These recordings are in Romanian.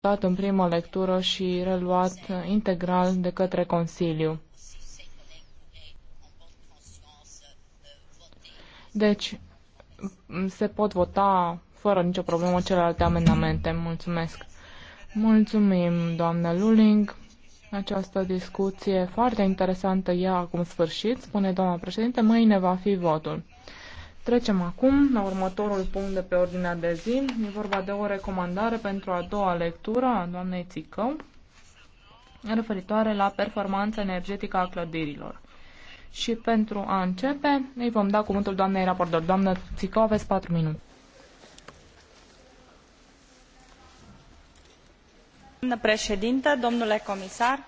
dat în primă lectură și reluat integral de către Consiliu. Deci, se pot vota fără nicio problemă celelalte amendamente. Mulțumesc. Mulțumim, doamnă Luling. Această discuție foarte interesantă ia acum sfârșit, spune doamna președinte, mâine va fi votul. Trecem acum la următorul punct de pe ordinea de zi. E vorba de o recomandare pentru a doua lectură a doamnei Țicău referitoare la performanța energetică a clădirilor. Și pentru a începe, îi vom da cuvântul doamnei raportor. Doamnă Țicău, aveți 4 minute. Doamnă președintă, domnule comisar,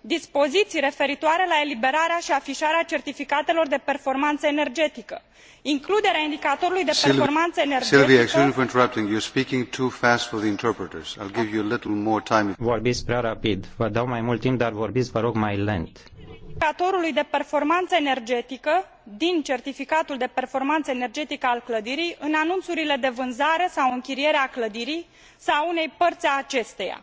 dispoziii referitoare la eliberarea i afiarea certificatelor de performană energetică includerea indicatorului de performană energetică din certificatul de performană energetică al clădirii în anunurile de vânzare sau închiriere a clădirii sau a unei pări a acesteia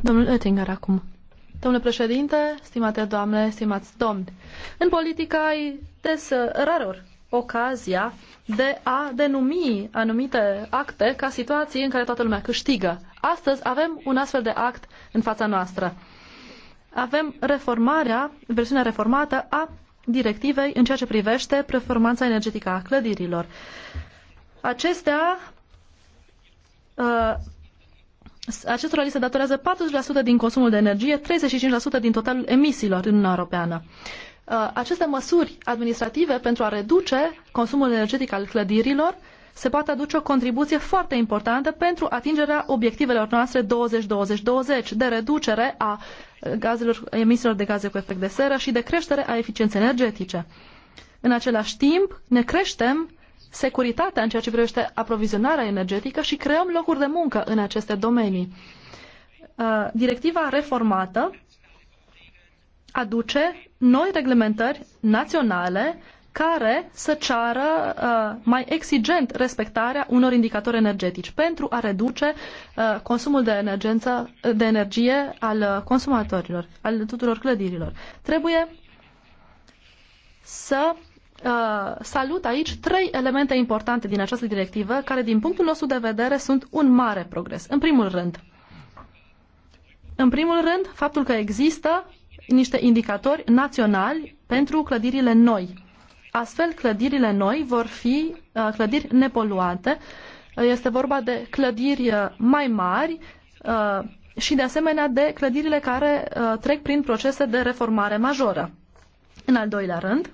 Domnul Oettinger acum. Domnule președinte, stimate doamne, stimați domni, în politică ai des raror ocazia de a denumi anumite acte ca situații în care toată lumea câștigă. Astăzi avem un astfel de act în fața noastră. Avem reformarea, versiunea reformată a directivei în ceea ce privește performanța energetică a clădirilor. Acestea uh, acestora li se datorează 40% din consumul de energie, 35% din totalul emisiilor în Uniunea Europeană. Uh, aceste măsuri administrative pentru a reduce consumul energetic al clădirilor se poate aduce o contribuție foarte importantă pentru atingerea obiectivelor noastre 20-20-20 de reducere a uh, gazelor, emisiilor de gaze cu efect de seră și de creștere a eficienței energetice. În același timp, ne creștem securitatea în ceea ce privește aprovizionarea energetică și creăm locuri de muncă în aceste domenii. Uh, directiva reformată aduce noi reglementări naționale care să ceară uh, mai exigent respectarea unor indicatori energetici pentru a reduce uh, consumul de, energență, de energie al consumatorilor, al tuturor clădirilor. Trebuie să Uh, salut aici trei elemente importante din această directivă, care din punctul nostru de vedere sunt un mare progres. În primul rând, în primul rând, faptul că există niște indicatori naționali pentru clădirile noi. Astfel, clădirile noi vor fi uh, clădiri nepoluante. Uh, este vorba de clădiri mai mari și, de asemenea, de clădirile care trec prin procese de reformare majoră. În al doilea rând,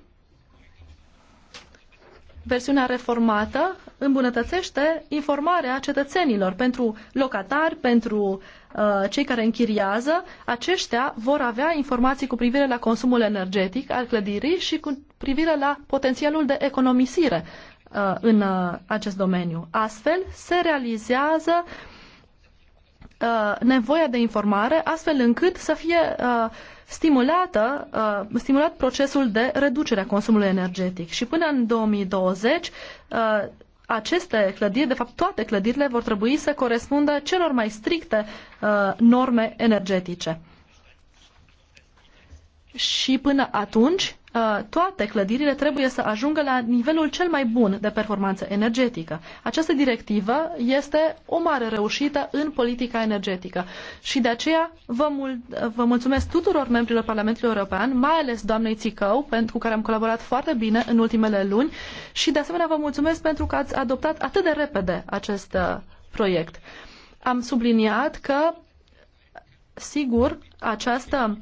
versiunea reformată îmbunătățește informarea cetățenilor pentru locatari, pentru uh, cei care închiriază. Aceștia vor avea informații cu privire la consumul energetic al clădirii și cu privire la potențialul de economisire uh, în uh, acest domeniu. Astfel se realizează uh, nevoia de informare, astfel încât să fie uh, stimulată, uh, stimulat procesul de reducere a consumului energetic. Și până în 2020, uh, aceste clădiri, de fapt toate clădirile, vor trebui să corespundă celor mai stricte uh, norme energetice. Și până atunci, Uh, toate clădirile trebuie să ajungă la nivelul cel mai bun de performanță energetică. Această directivă este o mare reușită în politica energetică și de aceea vă, mul- vă mulțumesc tuturor membrilor Parlamentului European, mai ales doamnei Țicău, pentru care am colaborat foarte bine în ultimele luni și de asemenea vă mulțumesc pentru că ați adoptat atât de repede acest uh, proiect. Am subliniat că, sigur, această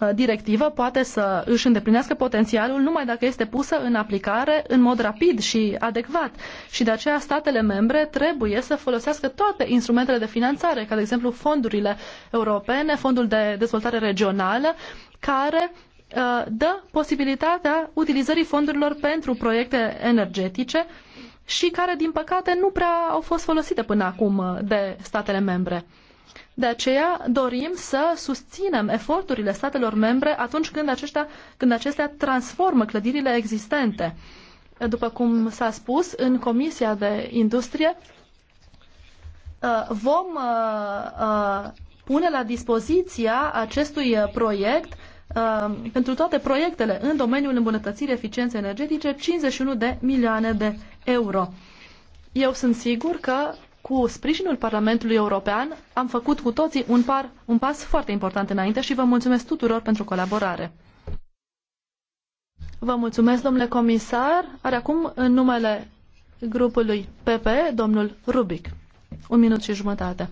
Uh, directivă poate să își îndeplinească potențialul numai dacă este pusă în aplicare în mod rapid și adecvat. Și de aceea statele membre trebuie să folosească toate instrumentele de finanțare, ca de exemplu fondurile europene, fondul de dezvoltare regională, care uh, dă posibilitatea utilizării fondurilor pentru proiecte energetice și care, din păcate, nu prea au fost folosite până acum uh, de statele membre. De aceea dorim să susținem eforturile statelor membre atunci când, aceștia, când acestea transformă clădirile existente. După cum s-a spus, în Comisia de Industrie uh, vom uh, uh, pune la dispoziția acestui proiect pentru toate proiectele în domeniul îmbunătățirii eficienței energetice 51 de milioane de euro. Eu sunt sigur că cu sprijinul Parlamentului European am făcut cu toții un, par, un pas foarte important înainte și vă mulțumesc tuturor pentru colaborare. Vă mulțumesc, domnule comisar. Are acum în numele grupului PP, domnul Rubic. Un minut și jumătate.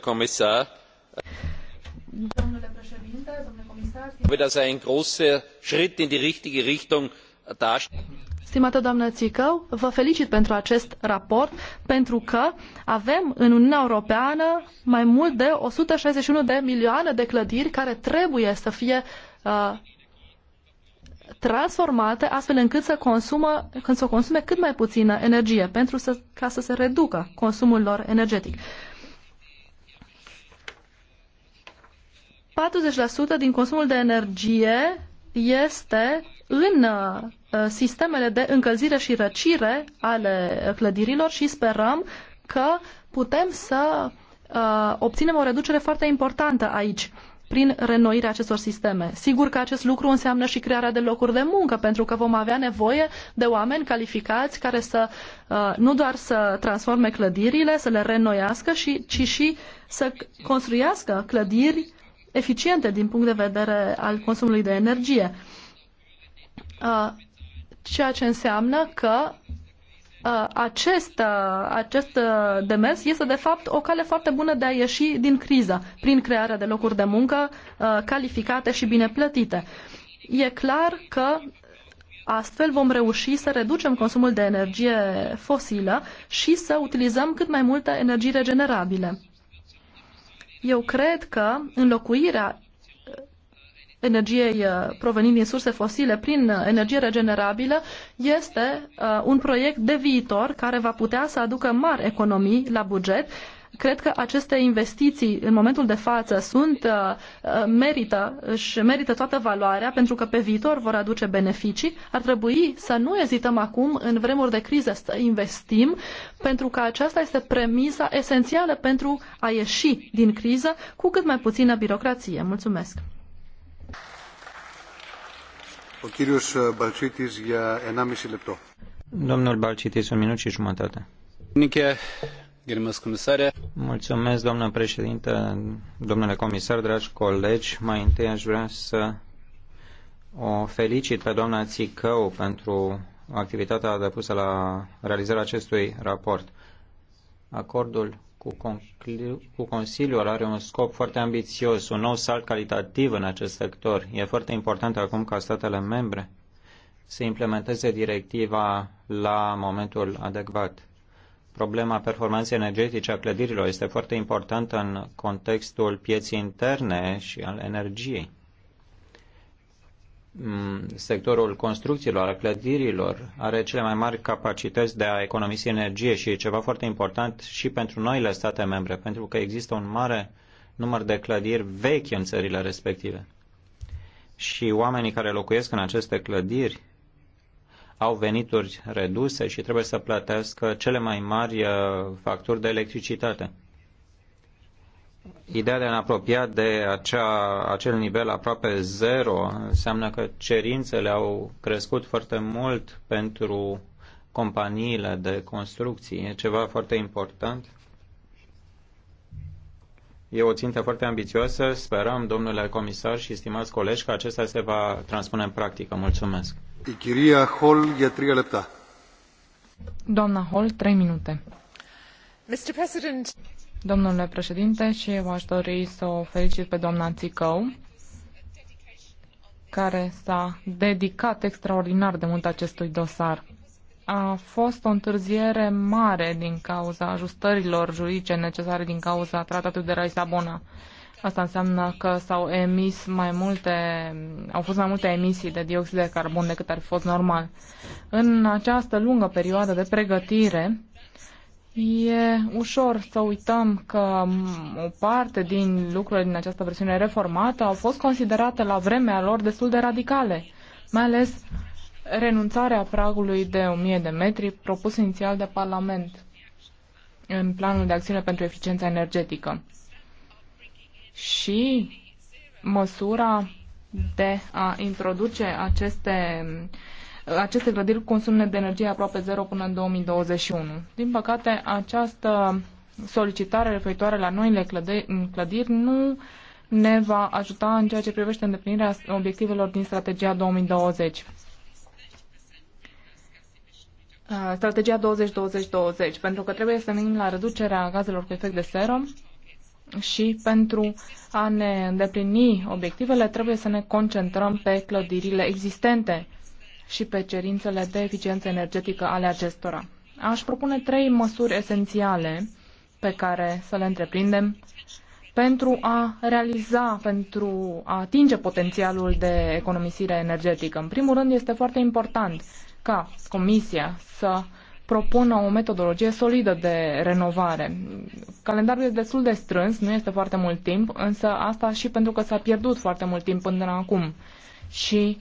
comisar. Domnule președinte, domnule comisar. Wieder ein großer Schritt in die richtige Richtung darstellt. Stimată doamnă Țicău, vă felicit pentru acest raport, pentru că avem în Uniunea Europeană mai mult de 161 de milioane de clădiri care trebuie să fie uh, transformate astfel încât să, consumă, când să consume cât mai puțină energie pentru să, ca să se reducă consumul lor energetic. 40% din consumul de energie este în uh, sistemele de încălzire și răcire ale clădirilor și sperăm că putem să uh, obținem o reducere foarte importantă aici prin renoirea acestor sisteme. Sigur că acest lucru înseamnă și crearea de locuri de muncă, pentru că vom avea nevoie de oameni calificați care să uh, nu doar să transforme clădirile, să le renoiască, și, ci și să construiască clădiri eficiente din punct de vedere al consumului de energie. Uh, ceea ce înseamnă că uh, acest, uh, acest demers este de fapt o cale foarte bună de a ieși din criză prin crearea de locuri de muncă calificate și bine plătite. E clar că Astfel vom reuși să reducem consumul de energie fosilă și să utilizăm cât mai multă energie regenerabile. Eu cred că înlocuirea energiei uh, provenind din surse fosile prin uh, energie regenerabilă este uh, un proiect de viitor care va putea să aducă mari economii la buget Cred că aceste investiții în momentul de față sunt, uh, uh, merită, și merită toată valoarea pentru că pe viitor vor aduce beneficii. Ar trebui să nu ezităm acum în vremuri de criză să investim pentru că aceasta este premisa esențială pentru a ieși din criză cu cât mai puțină birocrație. Mulțumesc! Balcitis, Domnul Balcitis, un minut și jumătate. Mulțumesc, domnule președinte, domnule comisar, dragi colegi. Mai întâi aș vrea să o felicit pe doamna Țicău pentru activitatea depusă la realizarea acestui raport. Acordul cu, cu Consiliul are un scop foarte ambițios, un nou salt calitativ în acest sector. E foarte important acum ca statele membre să implementeze directiva la momentul adecvat Problema performanței energetice a clădirilor este foarte importantă în contextul pieții interne și al energiei. Mm, sectorul construcțiilor, a clădirilor, are cele mai mari capacități de a economisi energie și e ceva foarte important și pentru noile state membre, pentru că există un mare număr de clădiri vechi în țările respective. Și oamenii care locuiesc în aceste clădiri au venituri reduse și trebuie să plătească cele mai mari uh, facturi de electricitate. Ideea de a ne apropia de acea, acel nivel aproape zero înseamnă că cerințele au crescut foarte mult pentru companiile de construcții. E ceva foarte important. E o țintă foarte ambițioasă. Sperăm, domnule comisar și stimați colegi, că acesta se va transpune în practică. Mulțumesc trei minute. Domnule președinte, și eu aș dori să o felicit pe doamna icău care s-a dedicat extraordinar de mult acestui dosar. A fost o întârziere mare din cauza ajustărilor juridice necesare din cauza tratatului de la Lisabona. Asta înseamnă că s-au emis mai multe, au fost mai multe emisii de dioxid de carbon decât ar fi fost normal. În această lungă perioadă de pregătire, E ușor să uităm că o parte din lucrurile din această versiune reformată au fost considerate la vremea lor destul de radicale, mai ales renunțarea pragului de 1000 de metri propus inițial de Parlament în planul de acțiune pentru eficiența energetică și măsura de a introduce aceste, aceste clădiri cu consum de energie aproape zero până în 2021. Din păcate, această solicitare referitoare la noile clădiri nu ne va ajuta în ceea ce privește îndeplinirea obiectivelor din strategia 2020. Uh, strategia 2020-2020, pentru că trebuie să venim la reducerea gazelor cu efect de seră și pentru a ne îndeplini obiectivele trebuie să ne concentrăm pe clădirile existente și pe cerințele de eficiență energetică ale acestora. Aș propune trei măsuri esențiale pe care să le întreprindem pentru a realiza, pentru a atinge potențialul de economisire energetică. În primul rând, este foarte important ca Comisia să uh, propună o metodologie solidă de renovare. Calendarul este destul de strâns, nu este foarte mult timp, însă asta și pentru că s-a pierdut foarte mult timp până acum. Și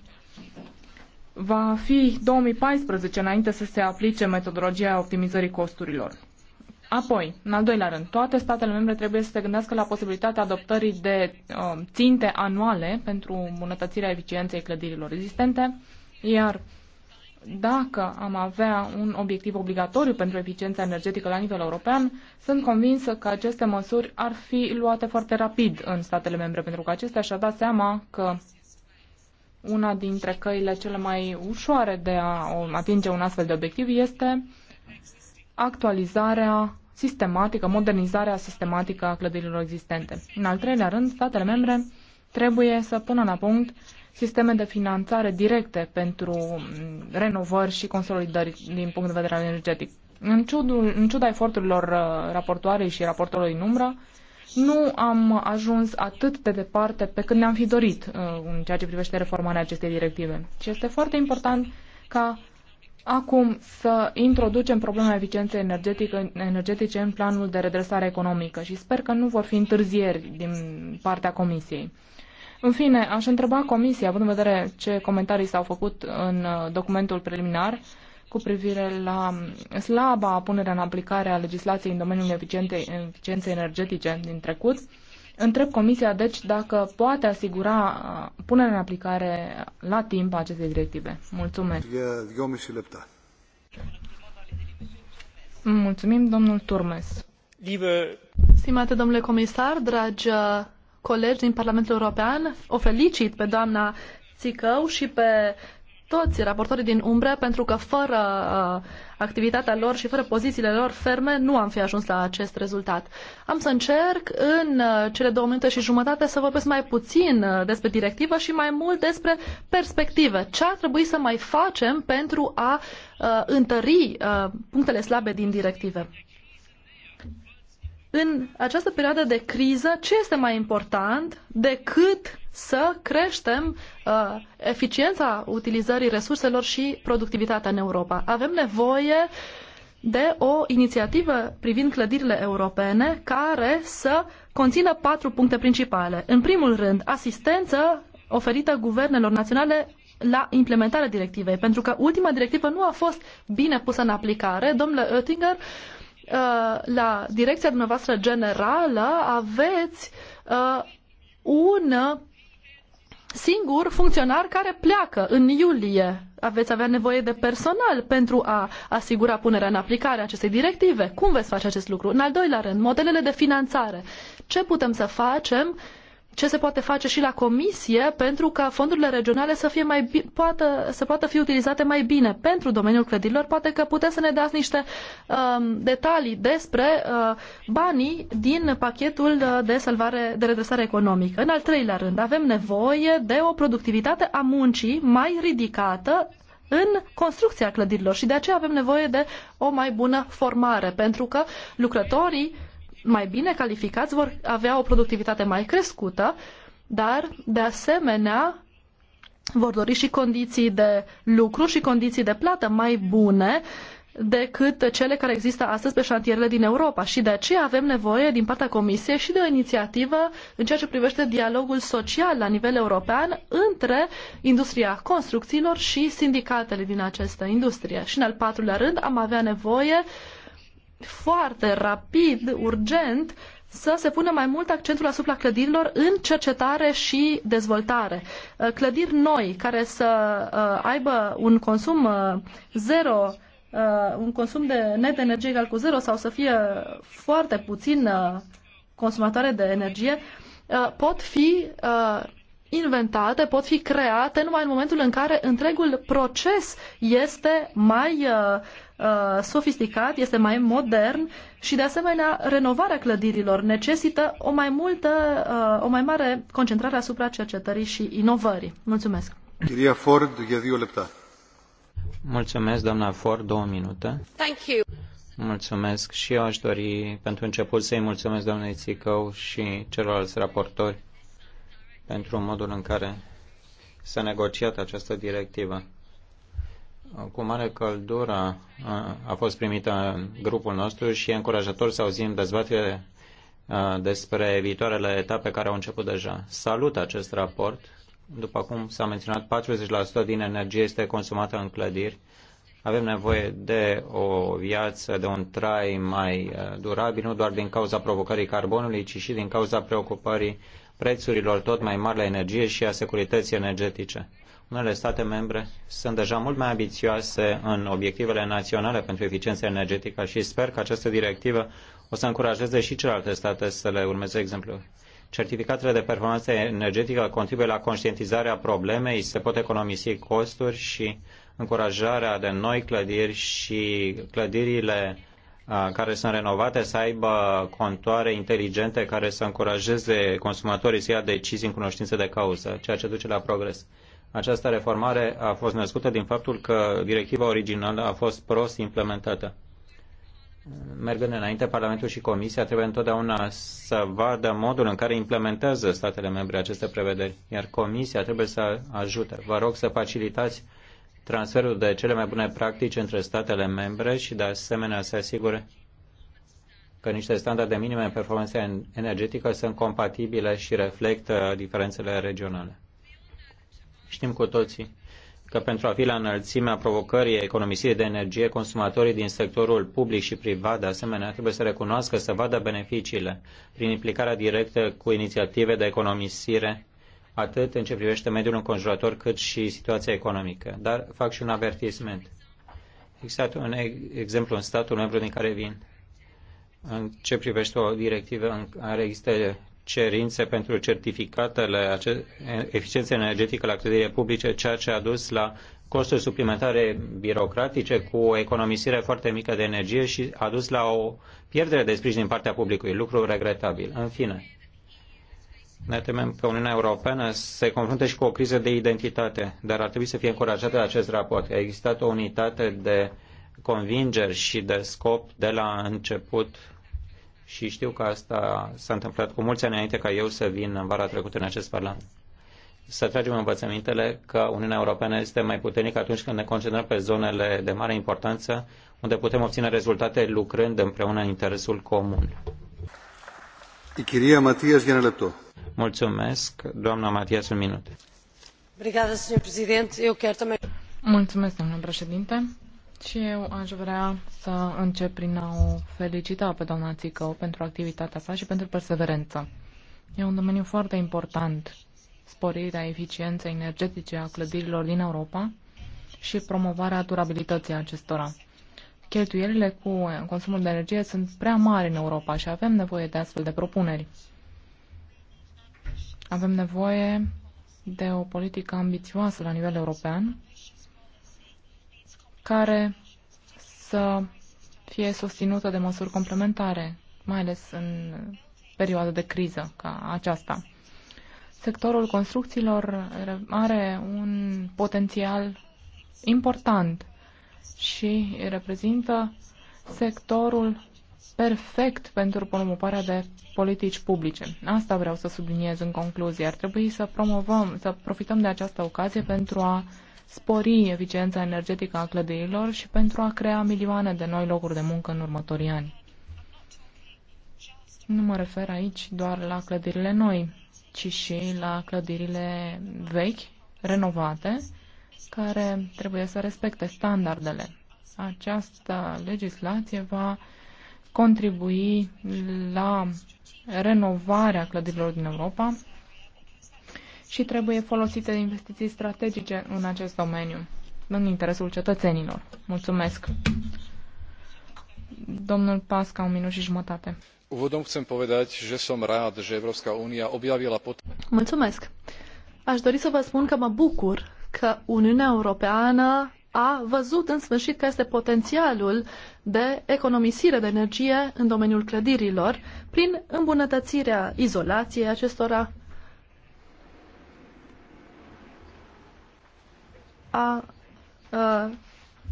va fi 2014 înainte să se aplice metodologia optimizării costurilor. Apoi, în al doilea rând, toate statele membre trebuie să se gândească la posibilitatea adoptării de uh, ținte anuale pentru îmbunătățirea eficienței clădirilor existente, iar dacă am avea un obiectiv obligatoriu pentru eficiența energetică la nivel european, sunt convinsă că aceste măsuri ar fi luate foarte rapid în statele membre, pentru că acestea și-ar da seama că una dintre căile cele mai ușoare de a atinge un astfel de obiectiv este actualizarea sistematică, modernizarea sistematică a clădirilor existente. În al treilea rând, statele membre trebuie să pună la punct sisteme de finanțare directe pentru mm, renovări și consolidări din punct de vedere energetic. În, ciudul, în ciuda eforturilor uh, raportoarei și raportorului în umbră, nu am ajuns atât de departe pe cât ne-am fi dorit uh, în ceea ce privește reformarea acestei directive. Și este foarte important ca acum să introducem problema eficienței energetice, energetice în planul de redresare economică și sper că nu vor fi întârzieri din partea Comisiei. În fine, aș întreba Comisia, având în vedere ce comentarii s-au făcut în uh, documentul preliminar cu privire la um, slaba punere în aplicare a legislației în domeniul eficienței energetice din trecut, Întreb Comisia, deci, dacă poate asigura uh, punerea în aplicare la timp a acestei directive. Mulțumesc. Mulțumim, domnul Turmes. Stimate domnule comisar, dragi uh, colegi din Parlamentul European. O felicit pe doamna Țicău și pe toți raportorii din umbră, pentru că fără uh, activitatea lor și fără pozițiile lor ferme, nu am fi ajuns la acest rezultat. Am să încerc în uh, cele două minute și jumătate să vorbesc mai puțin uh, despre directivă și mai mult despre perspective. Ce ar trebui să mai facem pentru a uh, întări uh, punctele slabe din directivă? în această perioadă de criză, ce este mai important decât să creștem uh, eficiența utilizării resurselor și productivitatea în Europa? Avem nevoie de o inițiativă privind clădirile europene care să conțină patru puncte principale. În primul rând, asistență oferită guvernelor naționale la implementarea directivei, pentru că ultima directivă nu a fost bine pusă în aplicare. Domnule Oettinger, uh, Uh, la direcția dumneavoastră generală aveți uh, un singur funcționar care pleacă în iulie. Aveți avea nevoie de personal pentru a asigura punerea în aplicare a acestei directive. Cum veți face acest lucru? În al doilea rând, modelele de finanțare. Ce putem să facem uh, ce se poate face și la comisie pentru ca fondurile regionale să, fie mai poată, să poată fi utilizate mai bine pentru domeniul clădirilor. Poate că puteți să ne dați niște um, detalii despre uh, banii din pachetul uh, de, salvare, de redresare economică. În al treilea rând, avem nevoie de o productivitate a muncii mai ridicată în construcția clădirilor și de aceea avem nevoie de o mai bună formare, pentru că lucrătorii mai bine calificați vor avea o productivitate mai crescută, dar, de asemenea, vor dori și condiții de lucru și condiții de plată mai bune decât cele care există astăzi pe șantierele din Europa și de aceea avem nevoie din partea Comisiei și de o inițiativă în ceea ce privește dialogul social la nivel european între industria construcțiilor și sindicatele din această industrie. Și în al patrulea rând am avea nevoie uh, foarte rapid, urgent, să se pună mai mult accentul asupra clădirilor în cercetare și dezvoltare. Uh, clădiri noi care să uh, aibă un consum uh, zero, un consum de net energie egal cu zero sau să fie foarte puțin consumatoare de energie, pot fi inventate, pot fi create numai în momentul în care întregul proces este mai uh, uh, sofisticat, este mai modern și de asemenea renovarea clădirilor necesită o mai multă, uh, o mai mare concentrare asupra cercetării și inovării. Mulțumesc. Chiria Ford, Mulțumesc, doamna Ford, două minute. Thank you. Mulțumesc și eu aș dori pentru început să-i mulțumesc doamnei Țicău și celorlalți raportori pentru modul în care s-a negociat această directivă. Cu mare căldură a fost primită în grupul nostru și e încurajator să auzim dezbatere despre viitoarele etape care au început deja. Salut acest raport. După cum s-a menționat, 40% din energie este consumată în clădiri. Avem nevoie de o viață, de un trai mai durabil, nu doar din cauza provocării carbonului, ci și din cauza preocupării prețurilor tot mai mari la energie și a securității energetice. Unele state membre sunt deja mult mai ambițioase în obiectivele naționale pentru eficiență energetică și sper că această directivă o să încurajeze și celelalte state să le urmeze exemplul. Certificatele de performanță energetică contribuie la conștientizarea problemei, se pot economisi costuri și încurajarea de noi clădiri și clădirile care sunt renovate să aibă contoare inteligente care să încurajeze consumatorii să ia decizii în cunoștință de cauză, ceea ce duce la progres. Această reformare a fost născută din faptul că directiva originală a fost prost implementată. Mergând înainte, Parlamentul și Comisia trebuie întotdeauna să vadă modul în care implementează statele membre aceste prevederi, iar Comisia trebuie să ajute. Vă rog să facilitați transferul de cele mai bune practici între statele membre și de asemenea se asigure că niște standarde minime în performanță energetică sunt compatibile și reflectă diferențele regionale. Știm cu toții că pentru a fi la înălțimea provocării economisirii de energie, consumatorii din sectorul public și privat, de asemenea, trebuie să recunoască, să vadă beneficiile prin implicarea directă cu inițiative de economisire atât în ce privește mediul înconjurător, cât și situația economică. Dar fac și un avertisment. Există un exemplu în statul membru din care vin. În ce privește o directivă în care există cerințe pentru certificatele eficienței energetică la clădirile publice, ceea ce a dus la costuri suplimentare birocratice cu o economisire foarte mică de energie și a dus la o pierdere de sprijin din partea publicului, lucru regretabil. În fine, ne temem că Uniunea Europeană se confruntă și cu o criză de identitate, dar ar trebui să fie încurajată de acest raport. A existat o unitate de convingeri și de scop de la început și știu că asta s-a întâmplat cu mulți ani înainte ca eu să vin în vara trecută în acest parlament. Să tragem învățămintele că Uniunea Europeană este mai puternică atunci când ne concentrăm pe zonele de mare importanță, unde putem obține rezultate lucrând împreună în interesul comun. Mulțumesc, Matias, un minut. Mulțumesc, președinte. Și eu aș vrea să încep prin a o felicita pe doamna Țicău pentru activitatea sa și pentru perseverență. E un domeniu foarte important, sporirea eficienței energetice a clădirilor din Europa și promovarea durabilității acestora cheltuielile cu consumul de energie sunt prea mari în Europa și avem nevoie de astfel de propuneri. Avem nevoie de o politică ambițioasă la nivel european care să fie susținută de măsuri complementare, mai ales în perioada de criză ca aceasta. Sectorul construcțiilor are un potențial important și reprezintă sectorul perfect pentru promovarea de politici publice. Asta vreau să subliniez în concluzie. Ar trebui să promovăm, să profităm de această ocazie pentru a spori eficiența energetică a clădirilor și pentru a crea milioane de noi locuri de muncă în următorii ani. Nu mă refer aici doar la clădirile noi, ci și la clădirile vechi, renovate care trebuie să respecte standardele. Această legislație va contribui la renovarea clădirilor din Europa și trebuie folosite investiții strategice în acest domeniu, în interesul cetățenilor. Mulțumesc! Domnul Pasca, un minut și jumătate. Úvodom chcem povedať, že som rád, že Európska únia objavila pot... Mulțumesc! Aș dori să vă spun că mă bucur că Uniunea Europeană a văzut în sfârșit că este potențialul de economisire de energie în domeniul clădirilor prin îmbunătățirea izolației acestora, a, a,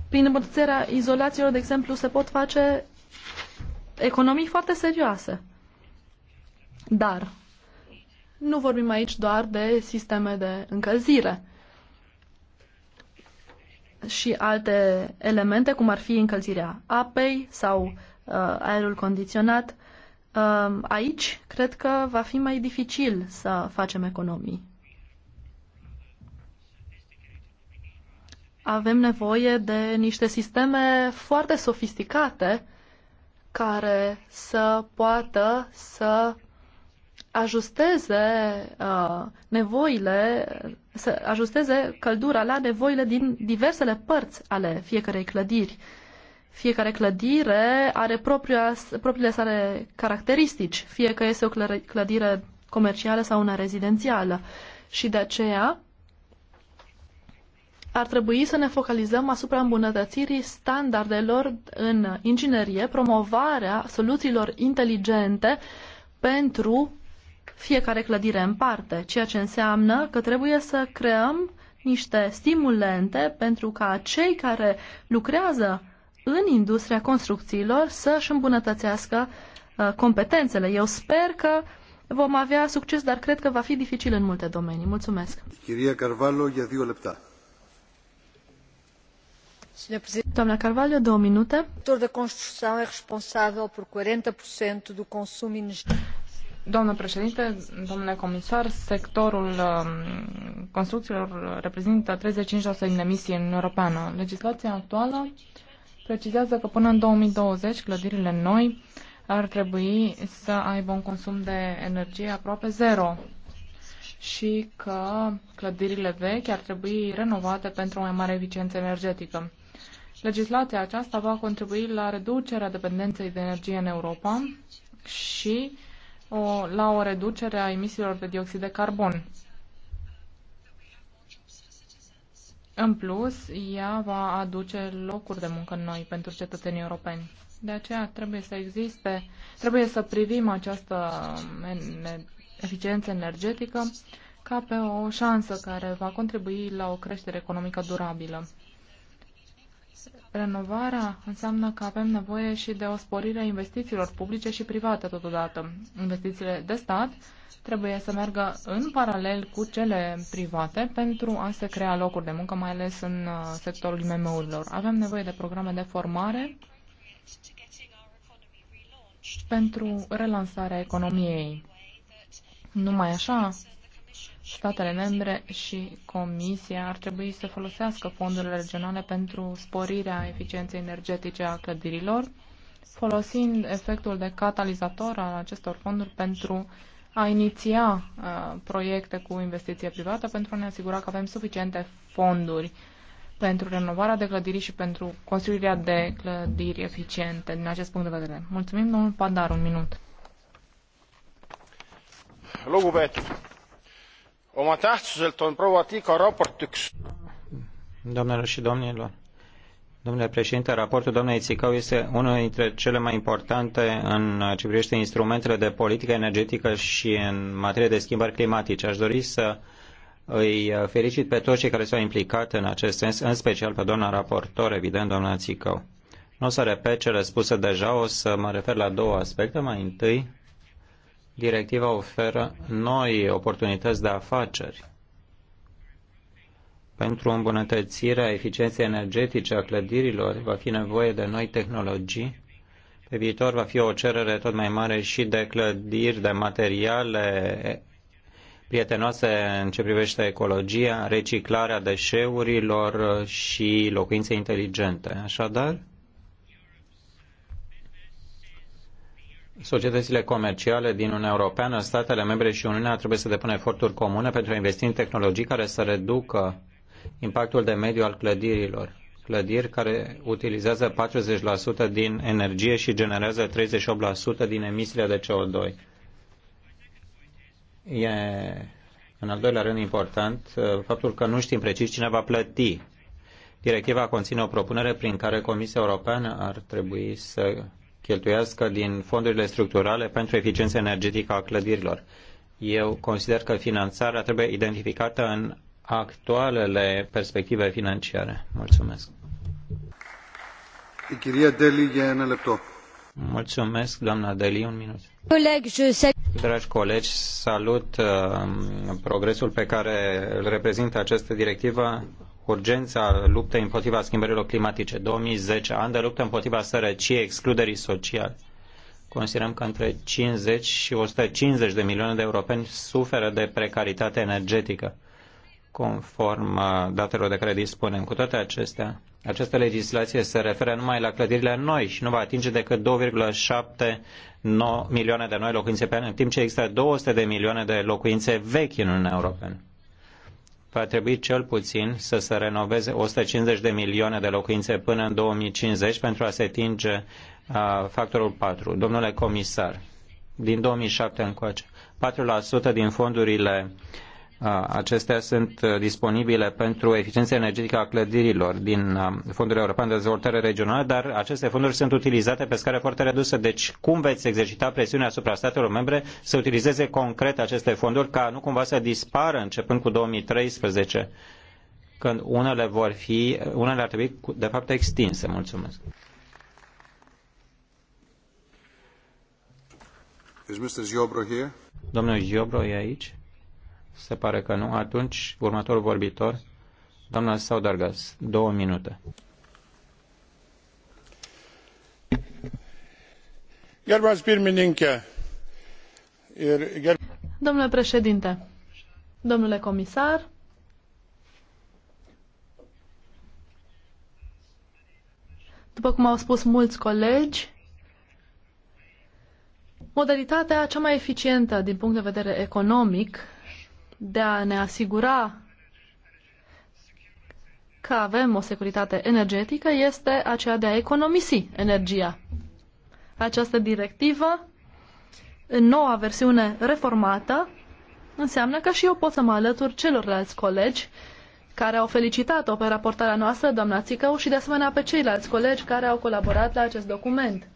prin îmbunătățirea izolațiilor, de exemplu, se pot face economii foarte serioase. Dar nu vorbim aici doar de sisteme de încălzire și alte elemente, cum ar fi încălzirea apei sau uh, aerul condiționat. Uh, aici cred că va fi mai dificil să facem economii. Avem nevoie de niște sisteme foarte sofisticate care să poată să ajusteze uh, nevoile să ajusteze căldura la nevoile din diversele părți ale fiecarei clădiri. Fiecare clădire are propria, propriile sale caracteristici, fie că este o clădire comercială sau una rezidențială. Și de aceea ar trebui să ne focalizăm asupra îmbunătățirii standardelor în inginerie, promovarea soluțiilor inteligente pentru fiecare clădire în parte, ceea ce înseamnă că trebuie să creăm niște stimulente pentru ca cei care lucrează în industria construcțiilor să-și îmbunătățească uh, competențele. Eu sper că vom avea succes, dar cred că va fi dificil în multe domenii. Mulțumesc. Chiria Carvalho, e lepta. Doamna Carvalho, două minute. Sectorul de construção este responsabil pentru 40% din consumul energético. Doamnă președinte, domnule comisar, sectorul um, construcțiilor reprezintă 35% din emisii în Europeană. Legislația actuală precizează că până în 2020 clădirile noi ar trebui să aibă un consum de energie aproape zero și că clădirile vechi ar trebui renovate pentru o mai mare eficiență energetică. Legislația aceasta va contribui la reducerea dependenței de energie în Europa și o, la o reducere a emisiilor de dioxid de carbon. În plus, ea va aduce locuri de muncă noi pentru cetățenii europeni. De aceea trebuie să existe, trebuie să privim această eficiență energetică ca pe o șansă care va contribui la o creștere economică durabilă. Renovarea înseamnă că avem nevoie și de o sporire a investițiilor publice și private totodată. Investițiile de stat trebuie să meargă în paralel cu cele private pentru a se crea locuri de muncă, mai ales în uh, sectorul IMM-urilor. Avem nevoie de programe de formare pentru relansarea economiei. Numai așa statele membre și Comisia ar trebui să folosească fondurile regionale pentru sporirea eficienței energetice a clădirilor, folosind efectul de catalizator al acestor fonduri pentru a iniția uh, proiecte cu investiție privată pentru a ne asigura că avem suficiente fonduri pentru renovarea de clădiri și pentru construirea de clădiri eficiente din acest punct de vedere. Mulțumim, domnul Padar, un minut. Lugupeetud oma tähtsuselt on raport üks. și domnilor, Domnule președinte, raportul domnului Țicău este unul dintre cele mai importante în ce privește instrumentele de politică energetică și în materie de schimbări climatice. Aș dori să îi felicit pe toți cei care s-au implicat în acest sens, în special pe doamna raportor, evident, doamna Țicău. Nu o să repet cele spuse deja, o să mă refer la două aspecte. Mai întâi, Directiva oferă noi oportunități de afaceri pentru îmbunătățirea eficienței energetice a clădirilor va fi nevoie de noi tehnologii. Pe viitor va fi o cerere tot mai mare și de clădiri, de materiale prietenoase în ce privește ecologia, reciclarea deșeurilor și locuințe inteligente. Așadar, societățile comerciale din Uniunea Europeană, statele membre și Uniunea trebuie să depună eforturi comune pentru a investi în tehnologii care să reducă impactul de mediu al clădirilor. Clădiri care utilizează 40% din energie și generează 38% din emisiile de CO2. E, în al doilea rând, important uh, faptul că nu știm precis cine va plăti. Directiva conține o propunere prin care Comisia Europeană ar trebui să cheltuiască din fondurile structurale pentru eficiența energetică a clădirilor. Eu consider că finanțarea trebuie identificată în actualele perspective financiare. Mulțumesc. Mulțumesc, doamna Deli, un minut. Dragi colegi, salut uh, progresul pe care îl reprezintă această directivă urgența luptei împotriva schimbărilor climatice. 2010, an de luptă împotriva sărăciei, excluderii sociale. Considerăm că între 50 și 150 de milioane de europeni suferă de precaritate energetică, conform uh, datelor de care dispunem. Cu toate acestea, această legislație se referă numai la clădirile noi și nu va atinge decât 2,7 milioane de noi locuințe pe an, în timp ce există 200 de milioane de locuințe vechi în Uniunea Europeană va trebui cel puțin să se renoveze 150 de milioane de locuințe până în 2050 pentru a se atinge factorul 4. Domnule comisar, din 2007 încoace, 4% din fondurile uh, Acestea sunt uh, disponibile pentru eficiența energetică a clădirilor din uh, Fondul European de Dezvoltare Regională, dar aceste fonduri sunt utilizate pe scară foarte redusă. Deci cum veți exercita presiunea asupra statelor membre să utilizeze concret aceste fonduri ca nu cumva să dispară începând cu 2013, când unele vor fi, unele ar trebui de fapt extinse. Mulțumesc. Is Mr. here? Domnul Ziobro e aici? Se pare că nu. Atunci, următorul vorbitor, doamna Saudargas, două minute. Domnule președinte, domnule comisar, după cum au spus mulți colegi, modalitatea cea mai eficientă din punct de vedere economic de a ne asigura că avem o securitate energetică este aceea de a economisi energia. Această directivă, în noua versiune reformată, înseamnă că și eu pot să mă alătur celorlalți colegi care au felicitat-o pe raportarea noastră, doamna Țicău, și de asemenea pe ceilalți colegi care au colaborat la acest document.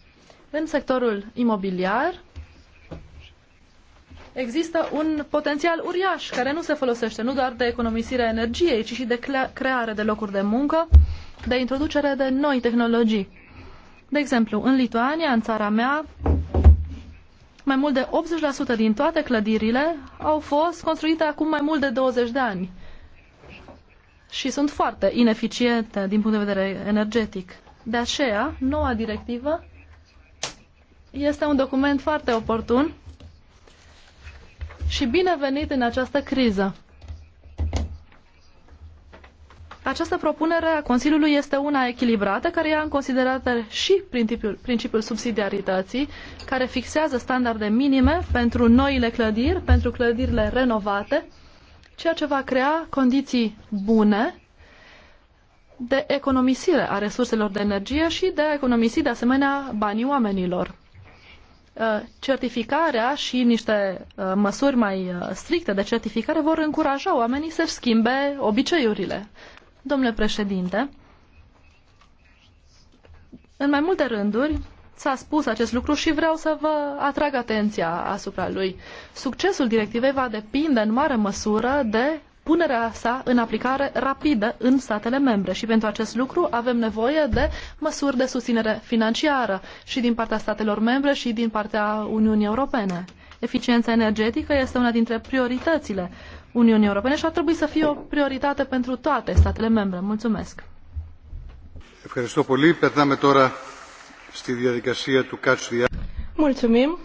În sectorul imobiliar, există un potențial uriaș care nu se folosește nu doar de economisirea energiei, ci și de creare de locuri de muncă, de introducere de noi tehnologii. De exemplu, în Lituania, în țara mea, mai mult de 80% din toate clădirile au fost construite acum mai mult de 20 de ani și sunt foarte ineficiente din punct de vedere energetic. De aceea, noua directivă este un document foarte oportun și binevenit în această criză. Această propunere a Consiliului este una echilibrată, care ia în considerare și principiul, principiul subsidiarității, care fixează standarde minime pentru noile clădiri, pentru clădirile renovate, ceea ce va crea condiții bune de economisire a resurselor de energie și de a economisi de asemenea banii oamenilor. Uh, certificarea și niște uh, măsuri mai uh, stricte de certificare vor încuraja oamenii să-și schimbe obiceiurile. Domnule președinte, în mai multe rânduri s-a spus acest lucru și vreau să vă atrag atenția asupra lui. Succesul directivei va depinde în mare măsură de punerea sa în aplicare rapidă în statele membre și pentru acest lucru avem nevoie de măsuri de susținere financiară și din partea statelor membre și din partea Uniunii Europene. Eficiența energetică este una dintre prioritățile Uniunii Europene și ar trebui să fie o prioritate pentru toate statele membre. Mulțumesc! Mulțumim!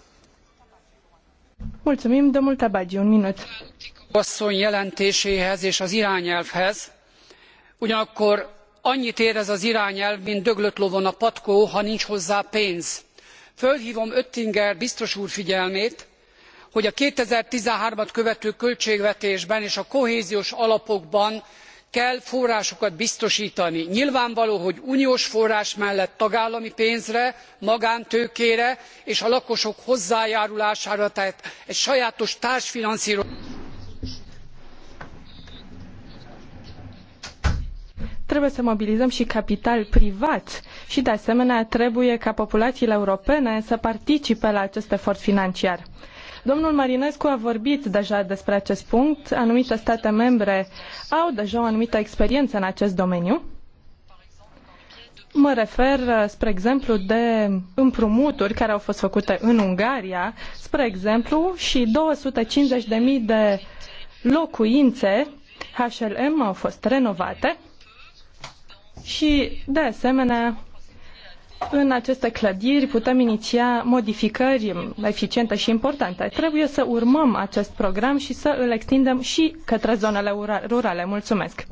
Mulțumim, Asszony jelentéséhez és az irányelvhez, ugyanakkor annyit ér ez az irányelv, mint döglött lovon a patkó, ha nincs hozzá pénz. fölhvom oettinger biztos úr figyelmét, hogy a thirteen at követő költségvetésben és a kohéziós alapokban kell forrásokat biztostani. nyilvánvaló hogy uniós forrás mellett tagállami pénzre magántőkére és a lakosok hozzájárulására tehát egy sajátos társfinanszrozási trebuie să mobilizăm și capital privat și de asemenea trebuie ca populațiile europene să participe la acest efort financiar. Domnul Marinescu a vorbit deja despre acest punct. Anumite state membre au deja o anumită experiență în acest domeniu. Mă refer, uh, spre exemplu, de împrumuturi care au fost făcute în Ungaria, spre exemplu, și 250.000 de locuințe HLM au fost renovate și, de asemenea, în aceste clădiri putem iniția modificări eficiente și importante. Trebuie să urmăm acest program și să îl extindem și către zonele rurale. Mulțumesc!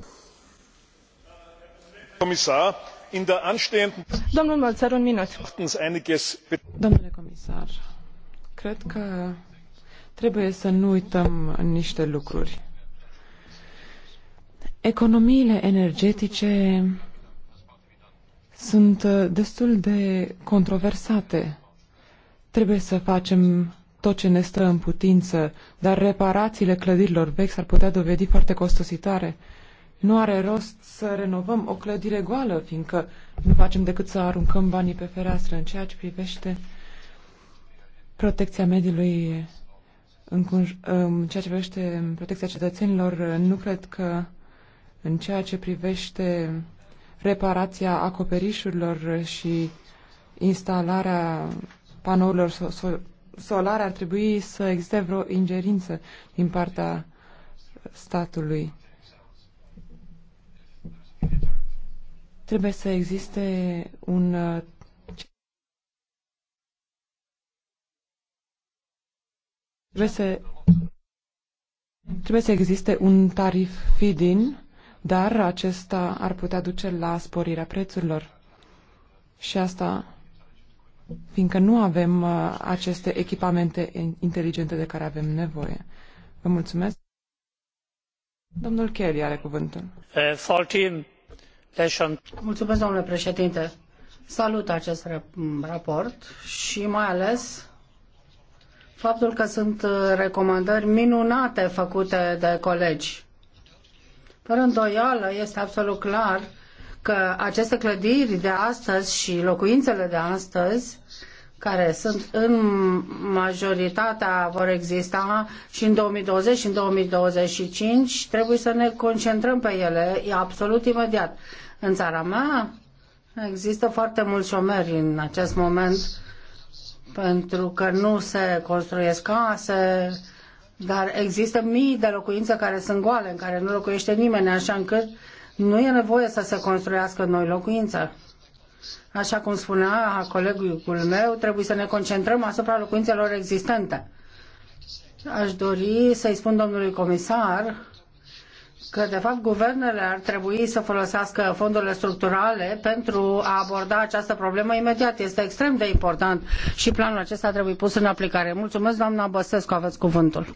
Comisar, in der anstehenden... Domnul Mălțăr, un minut. Domnule comisar, cred că trebuie să nu uităm niște lucruri. Economiile energetice sunt uh, destul de controversate. Trebuie să facem tot ce ne stă în putință, dar reparațiile clădirilor vechi s-ar putea dovedi foarte costositoare. Nu are rost să renovăm o clădire goală, fiindcă nu facem decât să aruncăm banii pe fereastră în ceea ce privește protecția mediului, în, în ceea ce privește protecția cetățenilor, nu cred că în ceea ce privește reparația acoperișurilor și instalarea panourilor solare ar trebui să existe vreo ingerință din partea statului. Trebuie să existe un trebuie să trebuie să existe un tarif feed-in dar acesta ar putea duce la sporirea prețurilor. Și asta fiindcă nu avem uh, aceste echipamente inteligente de care avem nevoie. Vă mulțumesc. Domnul Kelly are cuvântul. Eh, mulțumesc, domnule președinte. Salut acest raport și mai ales faptul că sunt uh, recomandări minunate făcute de colegi fără îndoială, este absolut clar că aceste clădiri de astăzi și locuințele de astăzi care sunt în majoritatea vor exista și în 2020 și în 2025, trebuie să ne concentrăm pe ele e absolut imediat. În țara mea există foarte mulți șomeri în acest moment pentru că nu se construiesc case, dar există mii de locuințe care sunt goale, în care nu locuiește nimeni, așa încât nu e nevoie să se construiască noi locuințe. Așa cum spunea colegul meu, trebuie să ne concentrăm asupra locuințelor existente. Aș dori să-i spun domnului comisar că, de fapt, guvernele ar trebui să folosească fondurile structurale pentru a aborda această problemă imediat. Este extrem de important și planul acesta trebuie pus în aplicare. Mulțumesc, doamna Băsescu, aveți cuvântul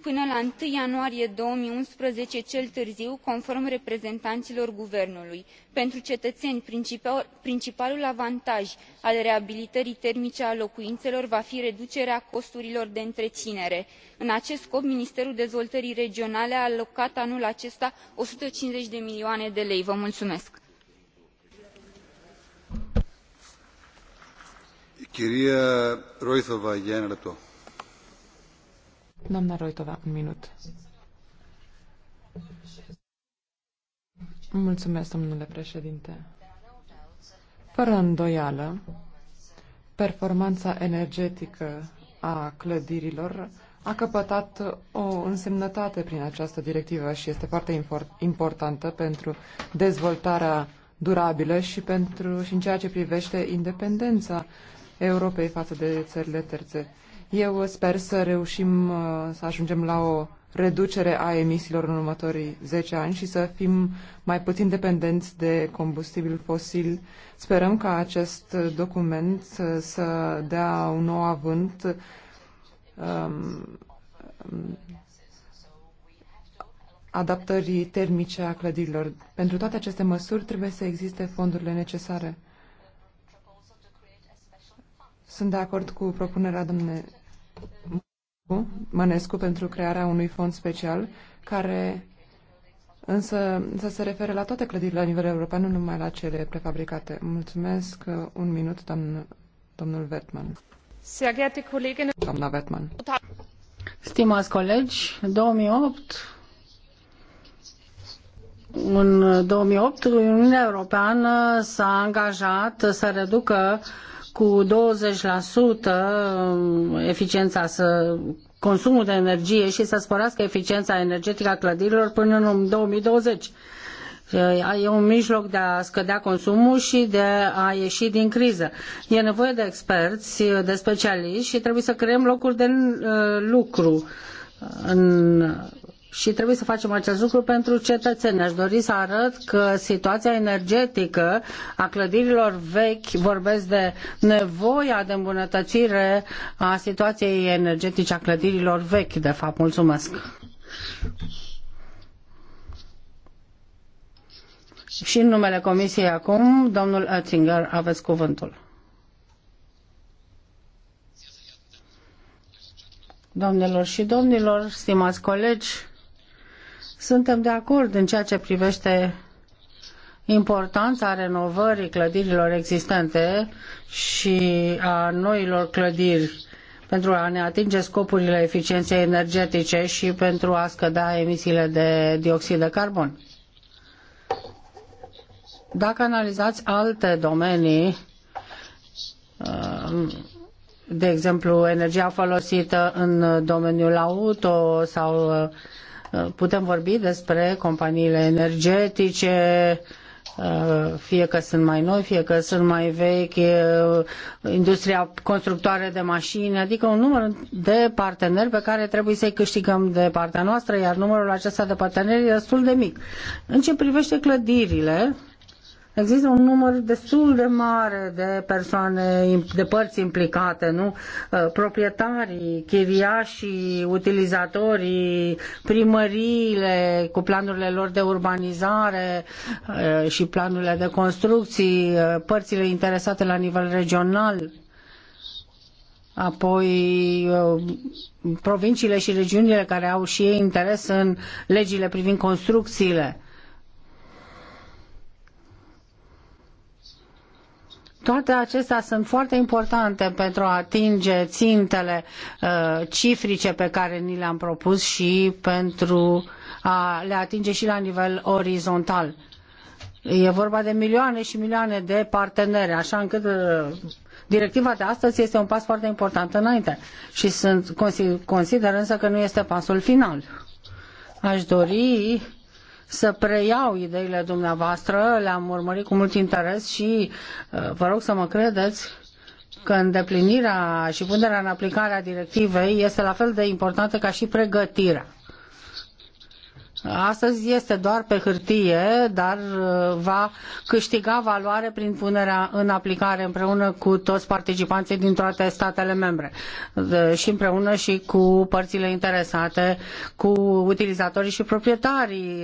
până la unu ianuarie două mii unsprezece cel târziu conform reprezentanilor guvernului. pentru cetăeni principalul avantaj al reabilitării termice a locuinelor va fi reducerea costurilor de întreinere. în acest scop ministerul dezvoltării regionale a alocat anul acesta o sută cincizeci de milioane de lei. vă Doamna Roitova, un minut. Mulțumesc, domnule președinte. Fără îndoială, performanța energetică a clădirilor a căpătat o însemnătate prin această directivă și este foarte importantă pentru dezvoltarea durabilă și, pentru, și în ceea ce privește independența Europei față de țările terțe. Eu sper să reușim uh, să ajungem la o reducere a emisiilor în următorii 10 ani și să fim mai puțin dependenți de combustibil fosil. Sperăm ca acest document uh, să dea un nou avânt um, adaptării termice a clădirilor. Pentru toate aceste măsuri trebuie să existe fondurile necesare. Sunt de acord cu propunerea domnului Mănescu pentru crearea unui fond special care însă să se refere la toate clădirile la nivel european, nu numai la cele prefabricate. Mulțumesc. Un minut, doamn, domnul Wertmann. Doamna Wertmann. Stimați colegi, 2008 în 2008 Uniunea Europeană s-a angajat să reducă uh, cu 20% um, eficiența să consumul de energie și să sporească eficiența energetică a clădirilor până în 2020. Um, uh, e un mijloc de a scădea consumul și de a ieși din criză. E nevoie de experți, uh, de specialiști și trebuie să creăm locuri de uh, lucru în și trebuie să facem acest lucru pentru cetățeni. Aș dori să arăt că situația energetică a clădirilor vechi, vorbesc de nevoia de îmbunătățire a situației energetice a clădirilor vechi, de fapt. Mulțumesc! Și în numele Comisiei acum, domnul Oettinger, aveți cuvântul. Domnilor și domnilor, stimați colegi, suntem de acord în ceea ce privește importanța renovării clădirilor existente și a noilor clădiri pentru a ne atinge scopurile eficienței energetice și pentru a scădea emisiile de dioxid de carbon. Dacă analizați alte domenii, uh, de exemplu energia folosită în domeniul auto sau uh, Putem vorbi despre companiile energetice, uh, fie că sunt mai noi, fie că sunt mai vechi, uh, industria constructoare de mașini, adică un număr de parteneri pe care trebuie să-i câștigăm de partea noastră, iar numărul acesta de parteneri e destul de mic. În ce privește clădirile, Există un număr destul de mare de persoane, de părți implicate, nu? Uh, proprietarii, chiriașii, utilizatorii, primăriile cu planurile lor de urbanizare uh, și planurile de construcții, uh, părțile interesate la nivel regional, apoi provinciile și regiunile care au și ei interes în legile privind construcțiile. Toate acestea sunt foarte importante pentru a atinge țintele uh, cifrice pe care ni le-am propus și pentru a le atinge și la nivel orizontal. E vorba de milioane și milioane de parteneri, așa încât uh, directiva de astăzi este un pas foarte important înainte și sunt, consider însă că nu este pasul final. Aș dori să preiau ideile dumneavoastră, le-am urmărit cu mult interes și uh, vă rog să mă credeți că îndeplinirea și punerea în aplicare a directivei este la fel de importantă ca și pregătirea. Astăzi este doar pe hârtie, dar uh, va câștiga valoare prin punerea în aplicare împreună cu toți participanții din toate statele membre și împreună și cu părțile interesate, cu utilizatorii și proprietarii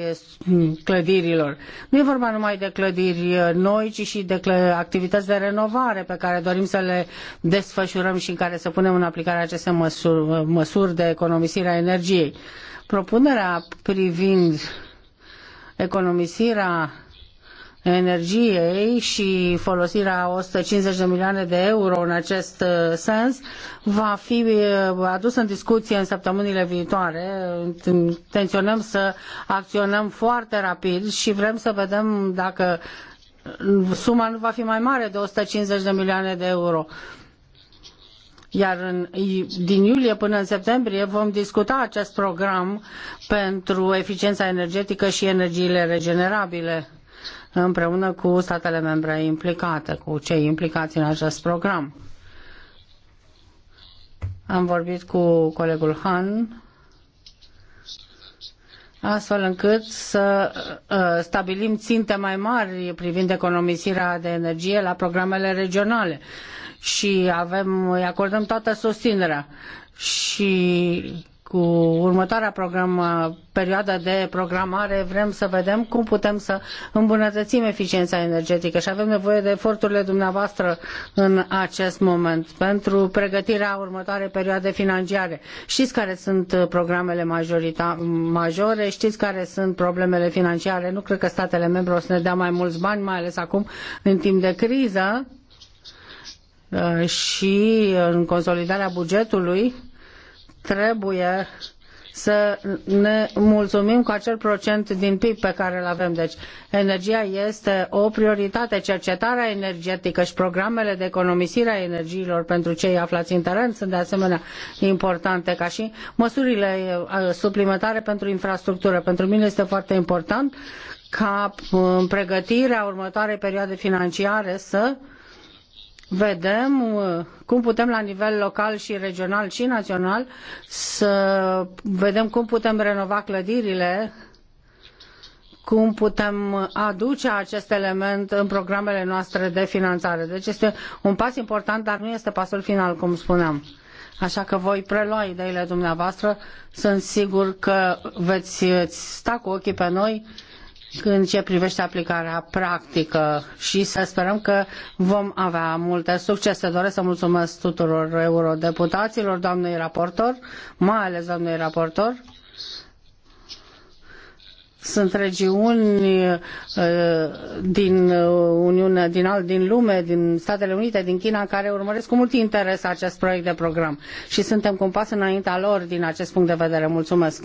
mm, clădirilor. Nu e vorba numai de clădiri uh, noi, ci și de activități de renovare pe care dorim să le desfășurăm și în care să punem în aplicare aceste măsuri, uh, măsuri de economisire a energiei. Propunerea privind economisirea energiei și folosirea 150 de milioane de euro în acest uh, sens va fi uh, adusă în discuție în săptămânile viitoare. Intenționăm să acționăm foarte rapid și vrem să vedem dacă suma nu va fi mai mare de 150 de milioane de euro. Uh, iar în, din iulie până în septembrie vom discuta acest program pentru eficiența energetică și energiile regenerabile împreună cu statele membre implicate, cu cei implicați în acest program. Am vorbit cu colegul Han astfel încât să ă, stabilim ținte mai mari privind economisirea de energie la programele regionale și avem, îi acordăm toată susținerea. Și cu următoarea program, perioadă de programare vrem să vedem cum putem să îmbunătățim eficiența energetică și avem nevoie de eforturile dumneavoastră în acest moment pentru pregătirea următoarei perioade financiare. Știți care sunt programele majorita, majore, știți care sunt problemele financiare. Nu cred că statele membre o să ne dea mai mulți bani, mai ales acum în timp de criză Uh, și uh, în consolidarea bugetului trebuie să ne mulțumim cu acel procent din PIB pe care îl avem. Deci energia este o prioritate, cercetarea energetică și programele de economisire a energiilor pentru cei aflați în teren sunt de asemenea importante, ca și măsurile uh, suplimentare pentru infrastructură. Pentru mine este foarte important ca în pregătirea următoarei perioade financiare să uh, vedem uh, cum putem la nivel local și regional și național să vedem cum putem renova clădirile, cum putem aduce acest element în programele noastre de finanțare. Deci este un pas important, dar nu este pasul final, cum spuneam. Așa că voi prelua ideile dumneavoastră. Sunt sigur că veți sta cu ochii pe noi când ce privește aplicarea practică și să sperăm că vom avea multe succese. Doresc să mulțumesc tuturor eurodeputaților, doamnei raportor, mai ales doamnei raportor. Sunt regiuni uh, din Uniune, din alt, din lume, din Statele Unite, din China, care urmăresc cu mult interes acest proiect de program și suntem cu un pas înaintea lor din acest punct de vedere. Mulțumesc!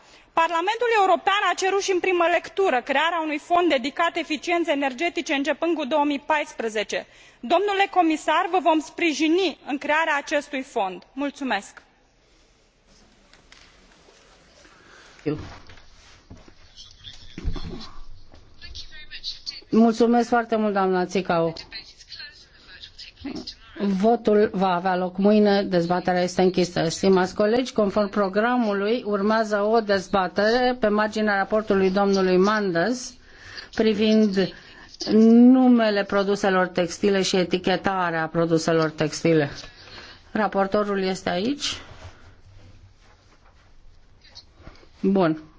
parlamentul european a cerut i în primă lectură crearea unui fond dedicat eficienei energetice începând cu. două mii paisprezece domnule comisar vă vom sprijini în crearea acestui fond. mulumesc. foarte mult Votul va avea loc mâine, dezbaterea este închisă. Stimați colegi, conform programului, urmează o dezbatere pe marginea raportului domnului Mandas privind numele produselor textile și etichetarea produselor textile. Raportorul este aici? Bun.